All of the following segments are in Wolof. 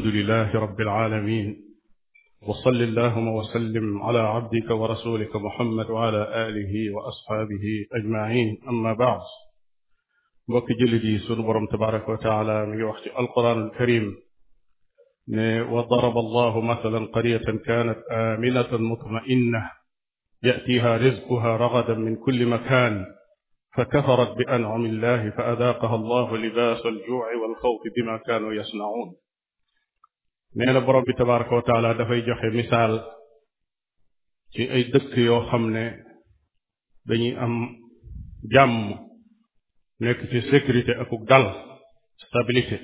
alhamdulilahi rabbil aalamiin wa salli allaahumma wa sallim alaa abdika wa rasuulika muhammad wa alaa aalihi wa asxaabihi ajmaiin amma baad mbokki jullit yi sunu borom tabaaraka wa taala mi ngi wax ci alquraanul kariim ne wa daraba allahu mathalan qaryatan kaanat aaminatan mutma'innatan ya'tiihaa rizquhaa ragadan min kulli makaan فكفرت بأنعم الله فأذاقها الله لباس الجوع والخوف بما كانوا يصنعون nee na borom bi tabaraka wa dafay joxe misaal ci ay dëkk yoo xam ne dañuy am jàmm nekk ci sécurité akuk dal stabilité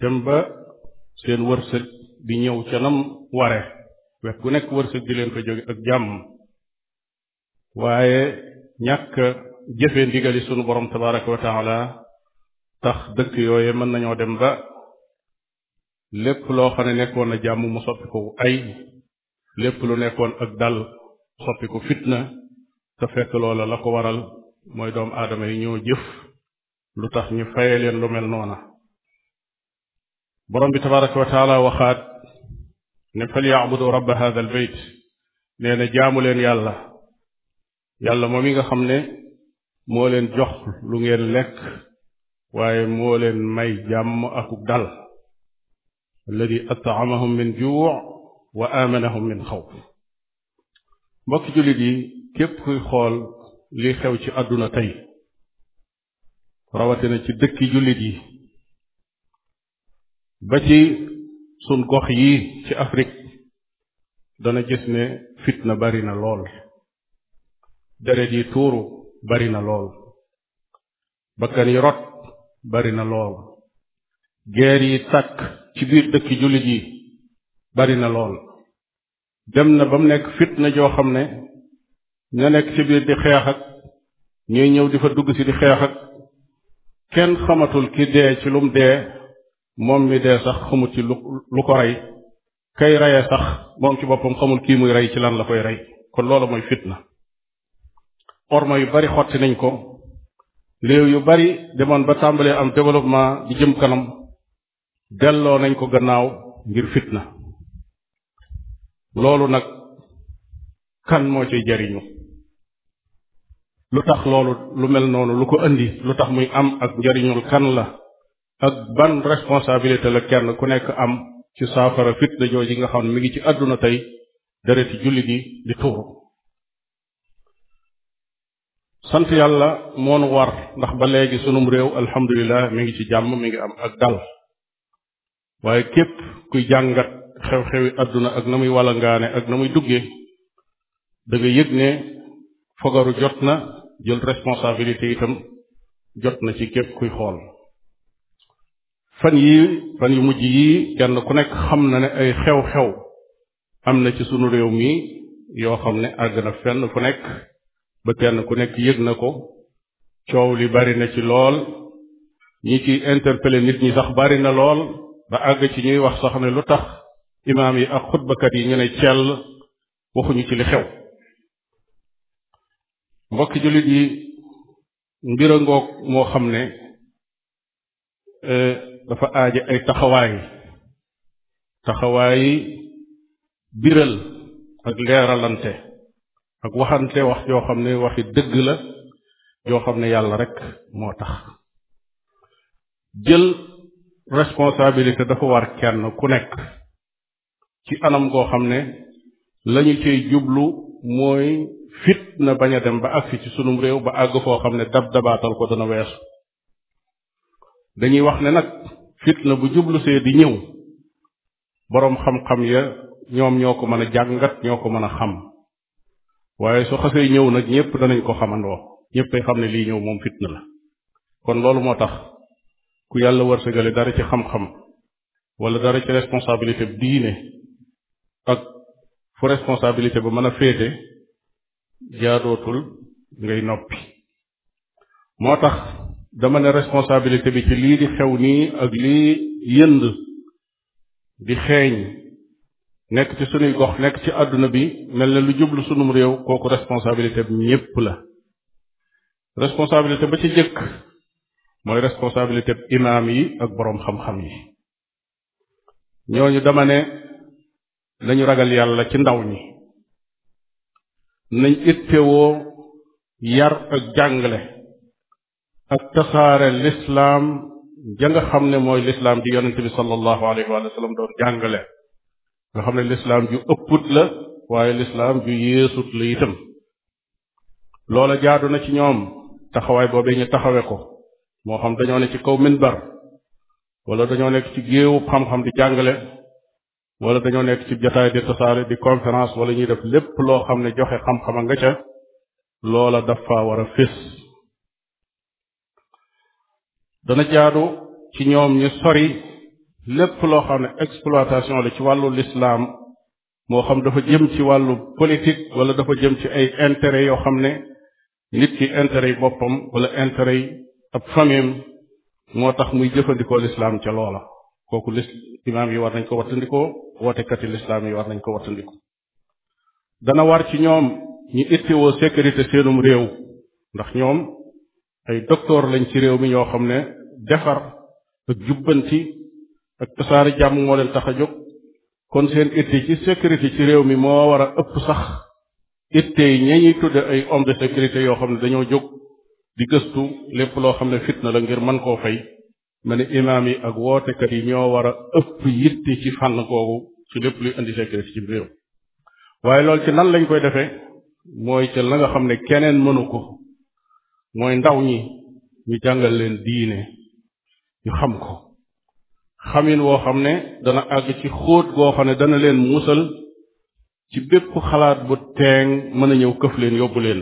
dem ba seen wërsëg di ñëw ca nam ware wet gu nekk wërsëg di leen ko jóge ak jàmm waaye ñàkk jëfe ndigali sunu borom tabaraka wa tax dëkk yooye mën nañoo dem ba lépp loo xam ne nekkoon na jàmm mu soppi ko ay lépp lu nekkoon ak dal soppi ko fitna te fekk loola la ko waral mooy doomu aadama yi ñoo jëf lu tax ñu faye leen lu mel noona borom bi tabaraka wa taala waxaat ne fal yaabudu rabba hada beyt nee na jaamu leen yàlla yàlla moom yi nga xam ne moo leen jox lu ngeen lekk waaye moo leen may jàmm akuk dal alladi at'amahum min juu' wa amanahum min xawf mbokki jullit yi képp kuy xool li xew ci àdduna tey rawatina ci dëkki jullit yi ba ci sun gox yi ci afrig dana gis ne fitna bari na lool deret yi tuuru bari na lool bakkan yi rot bari na lool geer yi tàkk ci biir dëkk jullit yi bari na lool dem na ba mu nekk na joo xam ne ña nekk ci biir di xeexak ak ñuy ñëw di fa dugg si di xeexak kenn xamatul ki dee ci lum dee moom mi dee sax xamul ci lu ko rey kay reye sax moom ci boppam xamul kii muy rey ci lan la koy rey kon loolu mooy fit fitna orma yu bari xotti nañ ko réew yu bari demoon ba tàmbalee am développement di jëm kanam delloo nañ ko gannaaw ngir fitna loolu nag kan moo ci jariñu lu tax loolu lu mel noonu lu ko indi lu tax muy am ak njariñul kan la ak ban responsabilité la kenn ku nekk am ci saafara fitna jooji nga xam ne mi ngi ci àdduna tey dereti julli gi di tuuru sant yàlla moonu war ndax ba léegi sunum réew alhamdulilah mi ngi ci jàmm mi ngi am ak dal waaye képp kuy jàngat xew-xewi àdduna ak na muy walangaane ak na muy duggee da yëg ne fogaru jot na jël responsabilité itam jot na ci képp kuy xool fan yi fan yu mujj yi kenn ku nekk xam na ne ay xew-xew am na ci sunu réew mi yoo xam ne àgg na fenn fu nekk ba kenn ku nekk yëg na ko coow li bari na ci lool ñi ci interpellé nit ñi sax bari na lool ba àgg ci ñuy wax soo xam ne lu tax imaam yi ak xutbakat yi ñu ne cell waxuñu ci li xew mbokki jullit yi mbir ngoog moo xam ne e, dafa aaje ay taxawaay taxawaay biral ak leeralante ak waxante wax yoo xam ne waxi dëgg la yoo xam ne yàlla rek moo tax jël responsabilité dafa war kenn ku nekk ci anam goo xam ne lañu cay jublu mooy fitna bañ a dem ba agsi ci sunum réew ba àgg foo xam ne dab dabaatal ko dana weesu dañuy wax ne nag na bu jublu see di ñëw boroom xam-xam ya ñoom ñoo ko mën a jàngat ñoo ko mën a xam waaye su xasee ñëw nag ñépp danañ ko xamandoo ñéppay xam ne lii ñëw moom fit na la kon loolu moo tax ku yàlla wërsëgale dara ci xam-xam wala dara ci responsabilité bi diine ak fu responsabilité ba mën a féete jaadootul ngay noppi moo tax dama ne responsabilité bi ci lii di xew nii ak lii yënd di xeeñ nekk ci sunuy gox nekk ci àdduna bi mel ne lu jublu sunum réew kooku responsabilité bi ñépp la responsabilité ba ci jëkk mooy responsabilité imaam yi ak boroom xam-xam yi ñooñu dama ne nañu ragal yàlla ci ndaw ñi nañ ittewoo yar ak jàngale ak tasaare lislaam ja nga xam ne mooy lislaam di yonente bi sallallahu alayhi wa sallam doon jàngale nga xam ne lislaam ju ëpput la waaye lislaam ju yéesut la itam loola jaadu na ci ñoom taxawaay boobee ñu taxawe ko moo xam dañoo ne ci kaw minbar wala dañoo nekk ci géewu xam-xam di jàngale wala dañoo nekk ci jotaay di tasaare di conférence wala ñuy def lépp loo xam ne joxe xam-xama nga ca loola dafa war a fés dana jaadu ci ñoom ñu sori lépp loo xam ne exploitation la ci wàllu lislaam moo xam dafa jëm ci wàllu politique wala dafa jëm ci ay intérêt yoo xam ne nit ki intérêt yi boppam wala intérêt yi ab famim moo tax muy jëfandikoo lislaam ca loola kooku lis imaam yi war nañ ko wattandikoo wootekati lislaam yi war nañ ko wattandiko dana war ci ñoom ñu ittewoo sécurité seenum réew ndax ñoom ay docteur lañ ci réew mi ñoo xam ne defar ak jubbanti ak tasaari jàmm moo leen tax a jóg kon seen itte ci sécurité ci réew mi moo war a ëpp sax itte yi ña ñuy tudde ay homme de sécurité yoo xam ne dañoo jóg di gëstu lépp loo xam ne fitna la ngir man koo fay ma ne imaam yi ak wootekat yi ñoo war a ëpp yitte ci fànn googu ci lépp luy indi sécurité ci réew waaye loolu ci nan lañ koy defee mooy ca la xam ne keneen mënu ko mooy ndaw ñi ñu jàngal leen diine ñu xam ko xam xamin woo xam ne dana àgg ci xóot goo xam ne dana leen musal ci bépp xalaat bu teeng mën a ñëw këf leen yóbbu leen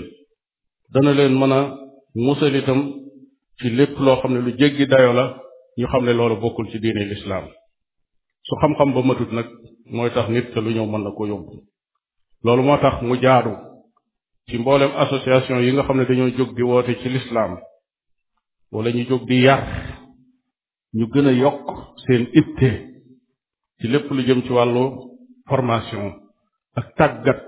dana leen mën a musal itam ci lépp loo xam ne lu jéggi dayo la ñu xam ne loolu bokkul ci diine lislaam su xam-xam ba matut nag mooy tax nit te lu ñëw mën na ko yóbbu loolu moo tax mu jaadu ci mboolem association yi nga xam ne dañoo jóg di woote ci lislaam wala ñu jóg di yar ñu gën a yokk seen itte ci lépp lu jëm ci wàllu formation ak tàggat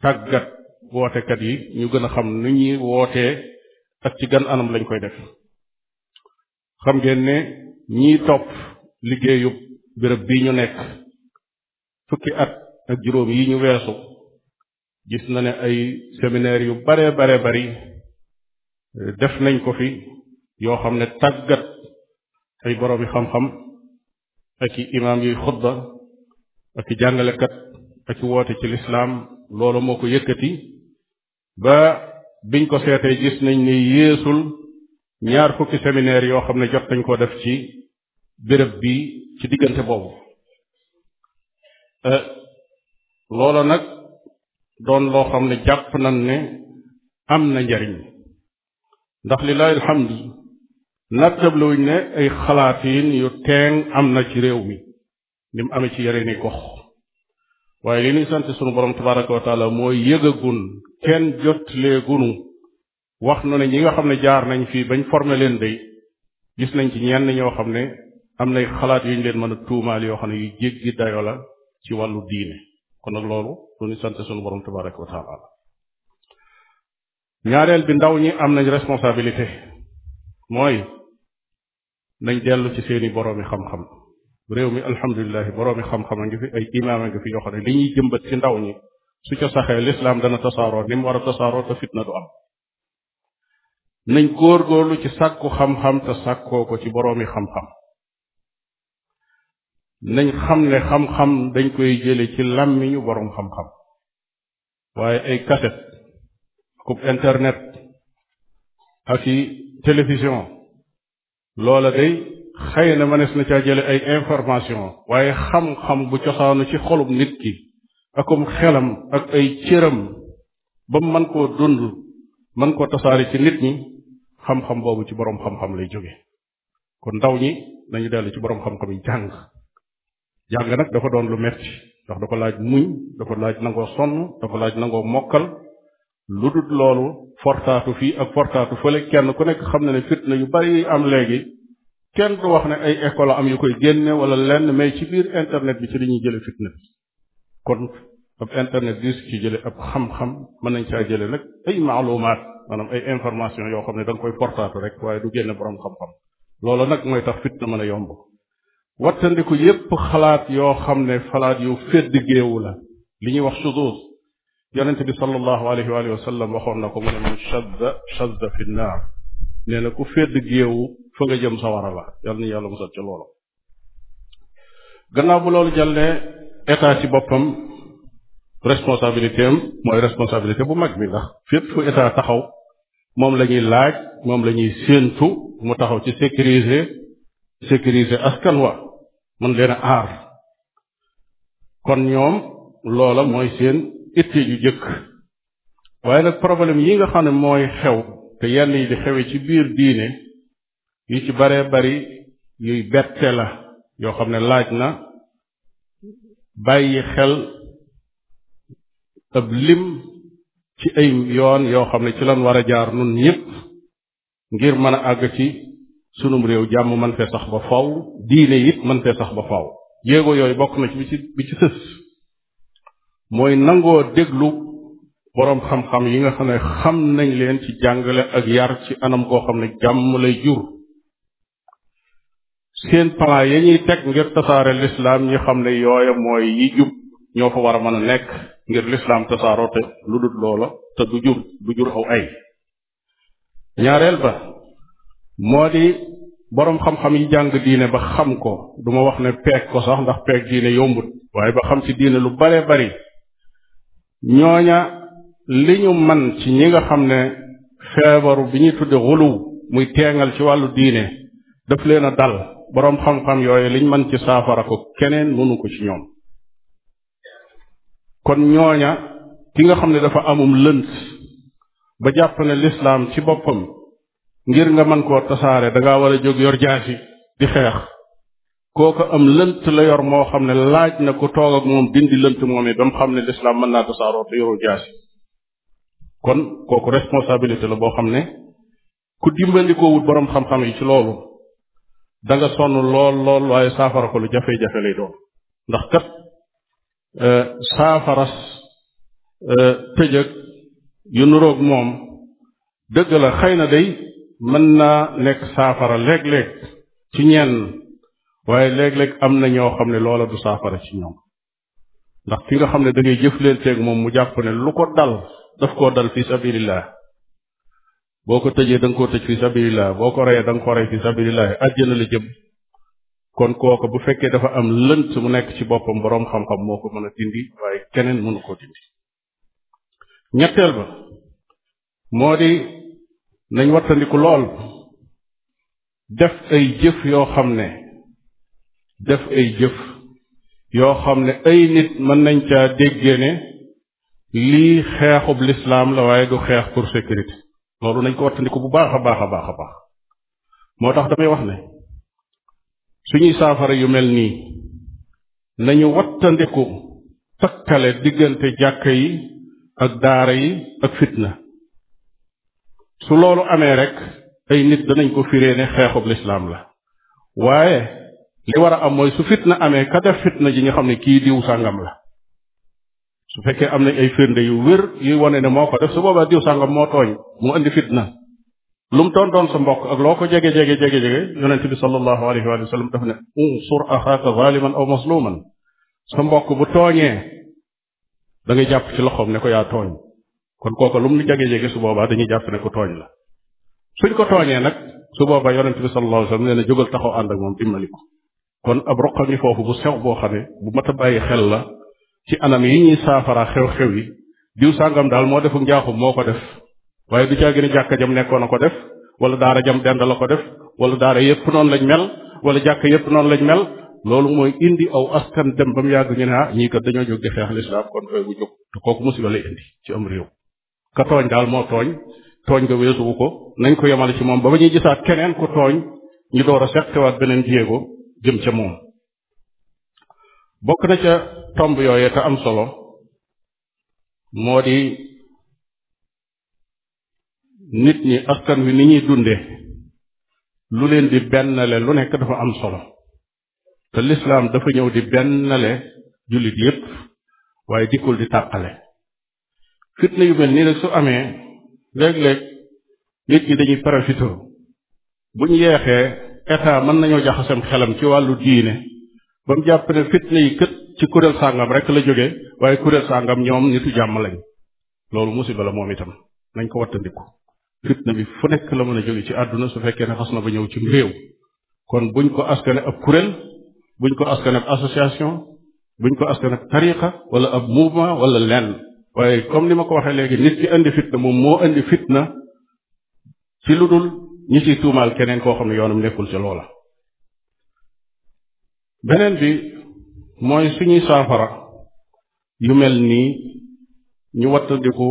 tàggat wootekat yi ñu gën a xam nu ñuy wootee ak ci gan anam lañ koy def xam ngeen ne ñiy topp liggéeyu béréb bii ñu nekk fukki at ak juróom yi ñu weesu gis na ne ay séminaire yu bare bare bari eh, def nañ ko fi yoo xam ne tàggat ay boroomi xam-xam ak i imaam yuy xutba ak i jàngalekat ak i woote ci lislaam loolu moo ko yëkkati ba biñ ko seetee gis nañ ni yéesul ñaar fukki séminaire yoo xam ne jot nañ koo def ci béréb bi ci diggante boobu euh, loola nag doon loo xam ne jàpp nañ ne am na njariñ ndax lillahi alhamd nattabluwuñ ne ay xalaatiin yu teeng am na ci réew mi ni mu amee ci yeneen i gox waaye li ñuy sant sunu borom tabaraka wa taala mooy yëgagun kenn jotleegunu wax na ne ñi nga xam ne jaar nañ fii bañ forme leen day gis nañ ci ñenn ñoo xam ne am nay xalaat yuñ leen mën a tuumaal yoo xam ne yu jéggi dayo la ci wàllu diine kon nag loolu lu ñu sant sunu borom tabaraka wa taala ñaareel bi ndaw ñi am nañ responsabilité mooy nañ dellu ci seeni boroomi xam-xam réew mi alhamdulilah boroomi xam-xam a ngi fi ay imaam a ngi fi yoo xam li ñuy jëmbat ci ndaw ñi su ca saxee lislaam dana tasaaroo ni mu war a tasaaroo te fitna du am nañ góorgóorlu ci sàkku xam-xam te sàkkoo ko ci boroomi xam-xam nañ xam ne xam-xam dañ koy jële ci làmmiñu boroom xam-xam waaye ay cassette kub internet ak i télévision loola day xëy na mënees na caa jële ay information waaye xam-xam bu cosaanu ci xolub nit ki akum xelam ak ay cëram ba mën koo dund mën koo tasaari ci nit ñi xam-xam boobu ci boroom xam-xam lay jóge kon ndaw ñi nañu dellu ci boroom xam-xam yi jàng jàng nag dafa doon lu metti ndax dafa laaj muñ dafa laaj nangoo sonn dafa laaj nangoo mokkal lu dul loolu fortaatu fii ak fortaatu fële kenn ku nekk xam na ne fitna yu bari am léegi kenn du wax ne ay école am yu koy génne wala lenn mais ci biir internet bi ci li ñuy jële fitna bi kon ab internet bi ci jële ab xam-xam mën nañ caa jële nag ay maalumaat maanaam ay information yoo xam ne da koy portaatu rek waaye du génne borom xam-xam loolu nag mooy tax fitna mën a yomb wattandiku yépp xalaat yoo xam ne xalaat yu fédd géewu la li ñuy wax sudus yonente bi sallallahu alayhi wa alihi wa sallam waxoon na ko mu ne man shadda shadda fi nnaar nee na ku fédd géewu fa nga jëm sawara la yal na yàlla musal ca loolu gannaaw bu loolu jàllee état ci boppam responsabilité mooy responsabilité bu mag bi ndax fépp fu état taxaw moom la ñuy laaj moom la ñuy séentu mu taxaw ci sécuriser sécuriser askan wa man leen a aar kon ñoom loola mooy seen itte yi jëkk waaye nag problème yi nga xam ne mooy xew te yenn yi di xewe ci biir diine yu ci baree bari yuy bette la yoo xam ne laaj na bàyyi xel ab lim ci ay yoon yoo xam ne ci lan war a jaar nun ñëpp ngir mën a àgg ci sunum réew jàmm mën fee sax ba faw diine it mën fee sax ba faw jéego yooyu bokk na ci bi ci sës mooy nangoo déglu boroom xam-xam yi nga xam ne xam nañ leen ci jàngale ak yar ci anam koo xam ne jàmm lay jur seen plan ya ñuy teg ngir tasaare lislaam ñi xam ne yooya mooy yi jub ñoo fa war a mën a nekk ngir lislaam tasaaroo te lu dul loola te du jur du jur aw ay ñaareel ba moo di boroom xam-xam yi jàng diine ba xam ko duma wax ne peeg ko sax ndax peeg diine yombut waaye ba xam ci diine lu bare bari ñooña li ñu man ci ñi nga xam ne feebaru bi ñuy tudde xuluw muy teengal ci wàllu diine daf leen a dal boroom xam-xam yooyu liñ mën ci saafara ko keneen mënu ko ci ñoom kon ñooña ki nga xam ne dafa amum lënt ba jàpp ne lislaam ci boppam ngir nga mën koo tasaare dangaa war a jóg yor jaasi di xeex kooku am lënt la yor moo xam ne laaj na ku toog ak moom dindi lënt moom it ba mu xam ne lislaam mën naa tasaaroo te yoru jaasi kon kooku responsabilité la boo xam ne ku dimbandikoo wut boroom xam-xam yi ci loolu danga nga sonn lool lool waaye saafara ko lu jafee jafe lay doon ndax kat e, saafaras e, tëjëg yu nuroog moom dëgg la xëy na day mën naa nekk saafara léeg-léeg ci ñenn waaye léeg-léeg am na ñoo xam ne loola du saafara ci ñoom ndax ki nga xam ne da ngay jëflanteeg moom mu jàpp ne lu ko dal daf koo dal fi sabilillah boo ko tëjee danga koo tëj fi sabilillah boo ko reyee da ko rey fi sabilillah àjjana la jëm kon kooku bu fekkee dafa am lënt mu nekk ci boppam boroom xam-xam moo ko mën a dindi waaye keneen mënu koo dindi ñetteel ba moo di nañ wattandiku lool def ay jëf yoo xam ne def ay jëf yoo xam ne ay nit mën nañ caa déggee ne lii xeexub lislaam la waaye du xeex pour sécurité loolu nañ ko wattandiku bu baax a baax a baax a baax moo tax damay wax ne suñuy saafara yu mel nii nañu wattandiku takkale diggante jàkka yi ak daara yi ak fitna su loolu amee rek ay nit danañ ko firee ne xeexub lislaam la waaye li war a am mooy su fitna amee ka def fitna ji nga xam ne kii diw sàngam la bu fekkee am nañ ay firnde yu wér yuy wane ne moo ko def su boobaa diw sàngam moo tooñ mu andi fitna lu mu doon doon sa mbokk ak loo ko jege jege jege jege yonent bi sallallahu alayhi wa sallam daf ne unsur axaaka zaliman aw masluman sa mbokk bu tooñee da jàpp ci loxoom ne ko yaa tooñ kon kooka lu mu jege jege su boobaa dañuy jàpp ne ko tooñ la suñ ko tooñee nag su boobaa yonent bi sallallahu alayhi wa sallam jógal taxaw ànd ak moom dimbali ko kon ab roqa foofu bu sew boo xam ne bu mat a bàyyi xel la ci anam yi ñuy saafara xew-xew yi diw sàngam daal moo defu njaaxum moo ko def waaye du caa gën a jàkka jam nekkoon a ko def wala daara jam dend la ko def wala daara yépp noonu lañ mel wala jàkka yépp noonu lañ mel loolu mooy indi aw askan dem ba mu ñu ne ah, ñii kat dañoo jóg di xeex lislaam kon koy bu jóg te kooku musiba lay indi ci am réew daal moo tooñ tooñ nga weesuwu ko nañ ko yemale ci moom ba ba ñuy gisaat keneen ku tooñ ñu door a seqtewaat beneen jéego jëm ca moom bokk na ca tomb yooyu te am solo moo di nit ñi askan wi ni ñuy dunde lu leen di bennale lu nekk dafa am solo te lislaam dafa ñëw di bennale jullit yépp waaye dikkul di tàqale fitna yu mel nii rek su amee léeg-léeg nit ñi dañuy profité buñ yeexee état mën nañoo jaxasam xelam ci wàllu diine ba mu jàpp ne fitna yi kët ci kuréel sàngam rek la jógee waaye kuréel sàngam ñoom nitu jàmm lañ loolu musiba la moom itam nañ ko wattandiku fitna bi fu nekk la mën a jóge ci àdduna su fekkee ne xas na ba ñëw ci réew kon buñ ko askane ab kuréel buñ ko askane ab association buñ ko askane ab tariqa wala ab mouvement wala lenn waaye comme li ma ko waxee léegi nit ki indi fitna moom moo indi fitna fi lu dul ñi ciy tuumaal keneen koo xam ne yoonam nekkul ci loola beneen bi mooy suñuy saafara yu mel nii ñu wattandiku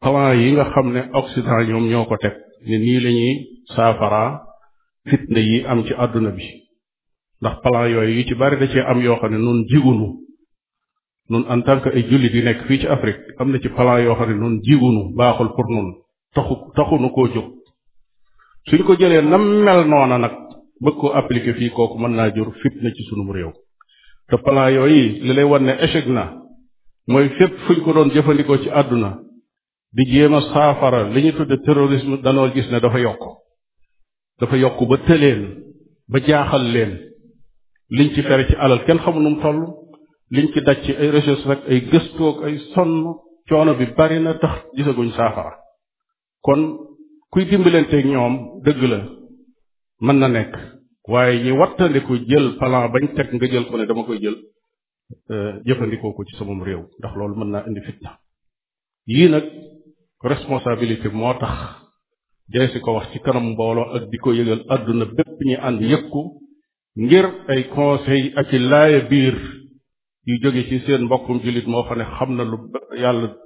plan yi nga xam ne Occident ñoom ñoo ko teg ne nii lañuy ñuy saafara fitna yi am ci àdduna bi ndax plan yooyu yi ci bari da cee am yoo xam ne nun jigunu nun en tant que ay jullit yi nekk fii ci Afrique am na ci plan yoo xam ne nun jigunu baaxul pour nun taxu taxunu koo jóg suñ ko jëlee nam mel noona nag bëgg koo appliquer fii kooku mën naa jur fitna ci sunum réew te plan yooyu li lay wan ne échec na mooy fépp fuñ ko doon jëfandikoo ci àdduna di jéem a saafara li ñu tudde terrorisme danoo gis ne dafa yokk dafa yokk ba tëleen ba jaaxal leen liñ ci fere ci alal kenn xamul nu mu toll liñ ci daj ci ay recherche rek ay gëstoog ay sonn coono bi bari na tax gisaguñ saafara kon kuy dimbalanteeg ñoom dëgg la mën na nekk waaye ñi wattandiku jël plan bañ teg nga jël ko ne dama koy jël euh, jëfandikoo ko ci samam réew ndax loolu mën naa indi fitna yii nag responsabilité moo tax dee si ko wax ci kanam mbooloo ak di ko yëgal àdduna bépp ñi ànd yëg ko ngir ay conseil ak i laaya biir yu jóge ci seen mbokkum jullit moo xam ne xam na lu yàlla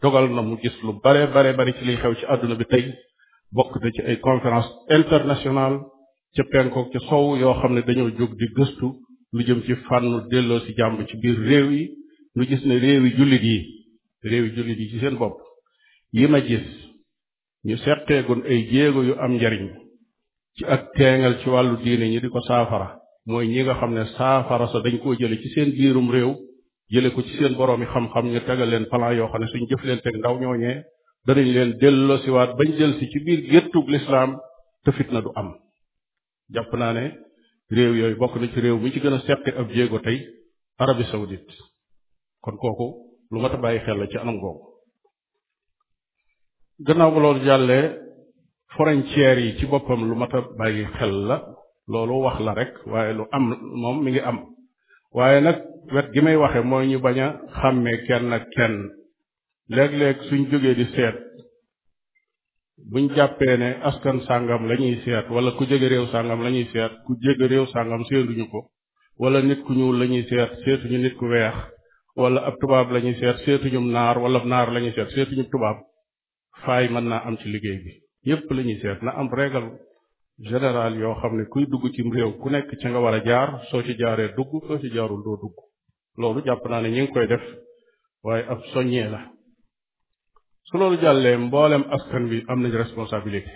dogal na mu gis lu bare bare bari ci liy xew ci àdduna bi tey bokk na ci ay conférence internationale ca penkook ca sow yoo xam ne dañoo jóg di gëstu lu jëm ci fànnu delloo si jàmm ci biir réew yi lu gis ne réew jullit yi réew yi jullit yi ci seen bopp yi ma gis ñu seqeegoon ay jéego yu am njariñ ci ak teengal ci wàllu diine ñi di ko saafara mooy ñi nga xam ne saafara sa dañ koo jële ci seen biirum réew jële ko ci seen boroomi xam-xam ñu tegal leen plan yoo xam ne suñ jëf leen teg ndaw ñooñee danañ leen delloo siwaat bañ jël si ci biir géttug lislaam te fitna du am jàpp naa ne réew yooyu bokk na ci réew mi ci gën a seqi ab jéego tey Arabie saoudite kon kooku lu mat bàyyi xel la ci anam googu gannaaw ba loolu jàllee frontières yi ci boppam lu mat a bàyyi xel la loolu wax la rek waaye lu am moom mi ngi am waaye nag wet gi may waxe mooy ñu bañ a xàmmee kenn ak kenn léeg-léeg suñ jógee di seet buñ jàppee ne askan sàngam la ñuy seet wala ku jege réew sàngam la ñuy seet ku jege réew sàngam seetuñu ko wala nit ku ñuul la ñuy seet seetuñu nit ku weex wala ab tubaab la ñuy seet seetuñum naar wala naar la ñuy seet seetuñu tubaab faay mën naa am ci liggéey bi yépp la ñuy seet na am régal général yoo xam ne kuy dugg cim réew ku nekk ca nga war a jaar soo ci jaaree dugg soo ci jaarul doo dugg loolu jàpp naa ne ñi ngi koy def waaye ab soññee la su loolu jàllee mboolem askan wi am nañ responsabilité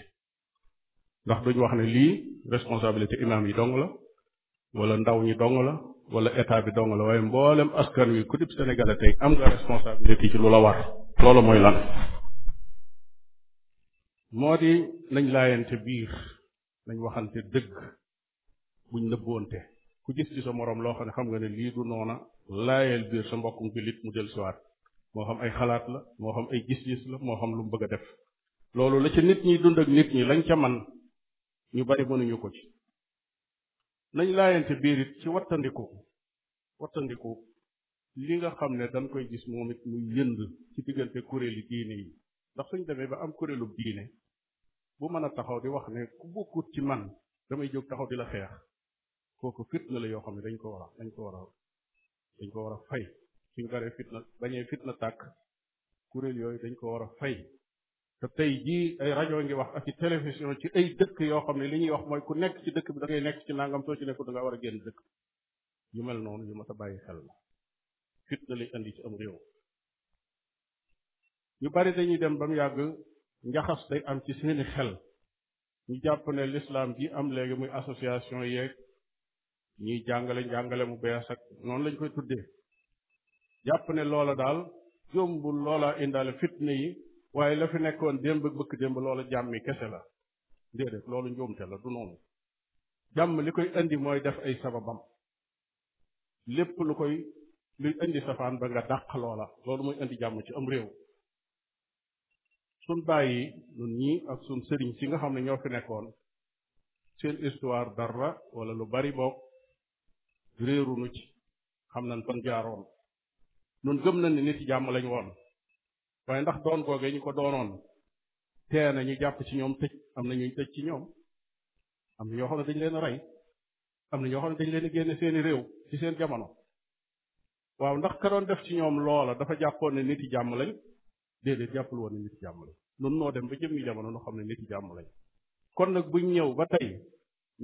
ndax duñ wax ne lii responsabilité imaam yi dong la wala ndaw ñi dong la wala état bi dong la waaye mboolem askan wi ku dib sénégalais tey am nga responsabilité ci lu la war loolu mooy lan moo di nañ laayante biir nañ waxante dëgg buñ nëbboonte ku gis ci sa moroom loo xam ne xam nga ne lii du noona laayal biir sa mbokkum jullit mu del siwaat moo xam ay xalaat la moo xam ay gis-gis la moo xam lu mu bëgg a def loolu la ci nit ñi dund ak nit ñi lañ ca man ñu bari mënuñu ko ci nañ laayante biir it ci wattandiku wattandiku li nga xam ne dañ koy gis moom it mu yënd ci diggante kuréeli diine yi ndax suñ demee ba am kuréelu diine bu mën a taxaw di wax ne ku bokkut ci man damay jóg taxaw di la xeex kooku fitna la yoo xam ne dañ ko war dañ ko war ko war a fay suñ baree fitna bañee fitna tàkk kuréel yooyu dañ ko war a fay te tey jii ay rajo ngi wax ak i télévision ci ay dëkk yoo xam ne li ñuy wax mooy ku nekk ci dëkk bi da ngay nekk ci nangam soo ci nekk da ngaa a génn dëkk yu mel noonu yu ma a bàyyi xel la fitna li indi ci am réew ñu bari dañuy dem ba mu yàgg njaxas day am ci seeni xel ñu jàpp ne l'islam ji am léegi muy association yeeg ñuy jàngale njàngale mu bees ak noonu lañ koy tuddee jàpp ne loola daal jombul loola indaale fitna yi waaye la fi nekkoon démb ak bëkk démb loola jàmmi kese la déedéet loolu njuumte la du noonu jàmm li koy indi mooy def ay sababam lépp lu koy luy indi safaan ba nga dàq loola loolu mooy indi jàmm ci am réew sun bàyyi nun ñii ak sun sëriñ si nga xam ne ñoo fi nekkoon seen histoire dara wala lu bari boog réeru nu ci xam nañ fan jaaroon nun gëm nañ ne nit yi jàmm lañ woon waaye ndax doon googee ñu ko doonoon tee na ñu jàpp ci ñoom tëj am na ñuy tëj ci ñoom am na ñoo xam ne dañ leen a rey am na ñoo xam ne dañ leen a génne seeni réew ci seen jamono waaw ndax ka doon def ci ñoom loola dafa jàppoon ne nit yi jàmm lañ déedéet jàppul woon ne nit yi jàmm lañ nun noo dem ba jëmmi jamono noo xam ne nit yi jàmm lañ kon nag buñ ñëw ba tey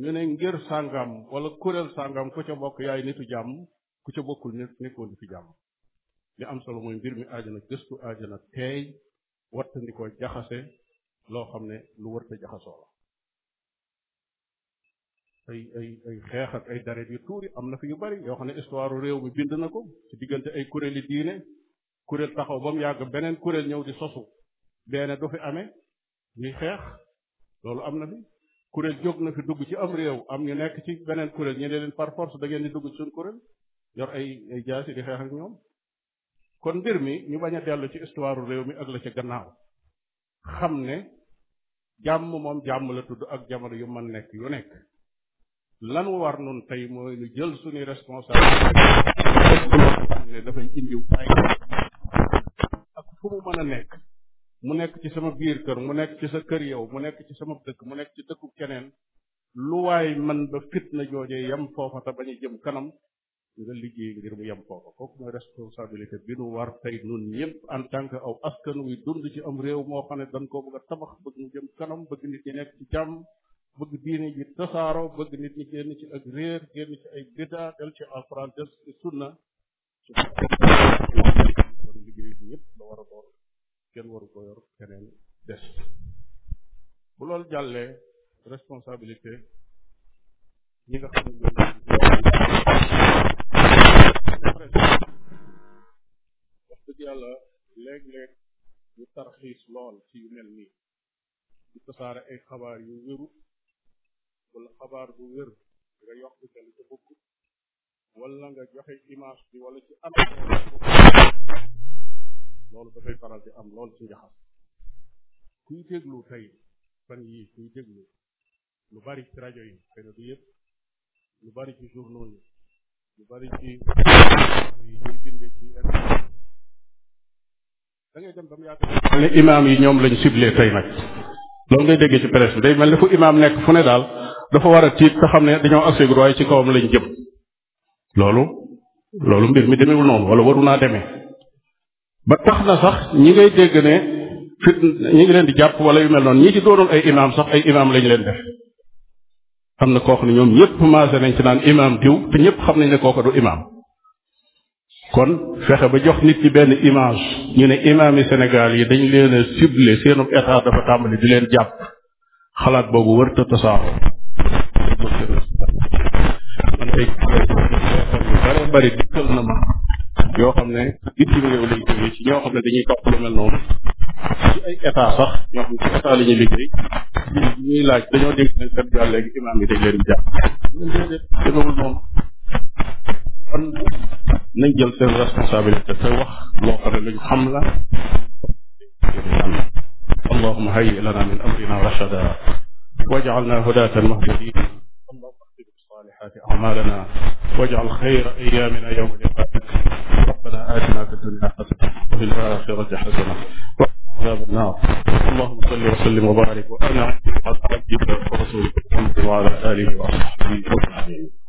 ñu ne ngir sàngam wala kuréel sàngam ku ca bokk yaay nitu jàmm ku ca bokkul nit nekkoon di fi jàmm li am solo mooy mbir mi aaja na gëstu aaja na teey wattandikoo jaxase loo xam ne lu wërta jaxasoo la ay ay ay xeex ak ay daret yu tuuri am na fi yu bari yoo xam ne histoire réew mi bind na ko ci diggante ay kuréeli diine kuréel taxaw ba mu yàgg beneen kuréel ñëw di sosu beneen du fi amee ñuy xeex loolu am na fi kuréel jóg na fi dugg ci am réew am ñu nekk ci beneen kuréel ñu leen par force da ngeen di dugg ci suñ kuréel yor ay ay jaasi di xeex ak ñoom kon mbir mi ñu bañ a dellu ci histoire réew mi ak la ca gannaaw xam ne jàmm moom jàmm la tudd ak jamono yu man nekk yu nekk lan war nun tey mooy ñu jël suñu responsabilité ne dafay indiw ay ak fu mu mën nekk mu nekk ci sama biir kër mu nekk ci sa kër yow mu nekk ci sama dëkk mu nekk ci dëkku keneen lu waay man ba fitna jooje yam foofa te bañ a jëm kanam dina liggéey ngir mu yem kooka kooku mooy responsabilité bi nu war tey nun ñëpp en tant que aw askan wi dund ci am réew moo xam ne dañ koo bëgg a tabax bëgg mu jëm kanam bëgg nit ñi nekk ci jàmm bëgg diine ji tasaaro bëgg nit ak réer génn ci ay bida del ci alxuraan ci sunna su kon liggéey la war a doon kenn waru ko keneen des bu loolu jàllee responsabilité ñi nga xam ne wax dëgg yàlla léeg-léeg ñu tarxiis lool ci yu mel nii di tasaare ay xabaar yu wérut wala xabaar bu wér nga yokk ca lu ca bokk wala nga joxe image bi wala ci am loolu dafay faral di am lool ci njaxas kuy déglu tey fan yii kuy déglu lu bari ci rajo yi xëy na du yëpp lu bari ci journaux yi lu bari ci ñuy binde ci mel ni imaam yi ñoom lañ ciblé tey nag loolu ngay déggee ci presse bi day mel ni fu imaam nekk fu ne daal dafa war a tiit te xam ne dañoo accès waaye ci kawam lañ jëm loolu loolu mbir mi demewul noonu wala waru naa demee ba tax na sax ñi ngay dégg ne fit ñi ngi leen di jàpp wala yu mel noonu ñi ci doonoon ay imaam sax ay imaam lañ leen def am na koo xam ne ñoom ñëpp maase nañ ci naan imaam diw te ñëpp xam nañ ne kooku du imaam kon fexe ba jox nit ci benn image ñu ne imaam yi Sénégal yi dañ leen a ciblé seenu état dafa tàmbali di leen jàpp xalaat boobu wërta tasaaroo man bare bari na ma yoo xam ne bitim réew lañ jógee ci ñoo xam ne dañuy topp lu mel noonu ci ay état sax ñoo xam ne ci état la ñuy liggéey ñuy laaj dañoo dégg ne Sénégal léegi imaam yi dañ leen di jàpp demewul noonu kon nañ jël seen responsabilité te wax loo xam ne luñ xam la allahuma hayyi lana min amrina rachada wajcalna hudatan muhtadin اللهم اهدنا بالصالحات اعمالنا واجعل خير ايامنا يوم لقائك ربنا آتنا في الدنيا حسنة وفي الآخرة حسنة عذاب النار اللهم صل وسلم وبارك وأنا عبدك ورسولك وعلى آله وأصحابه أجمعين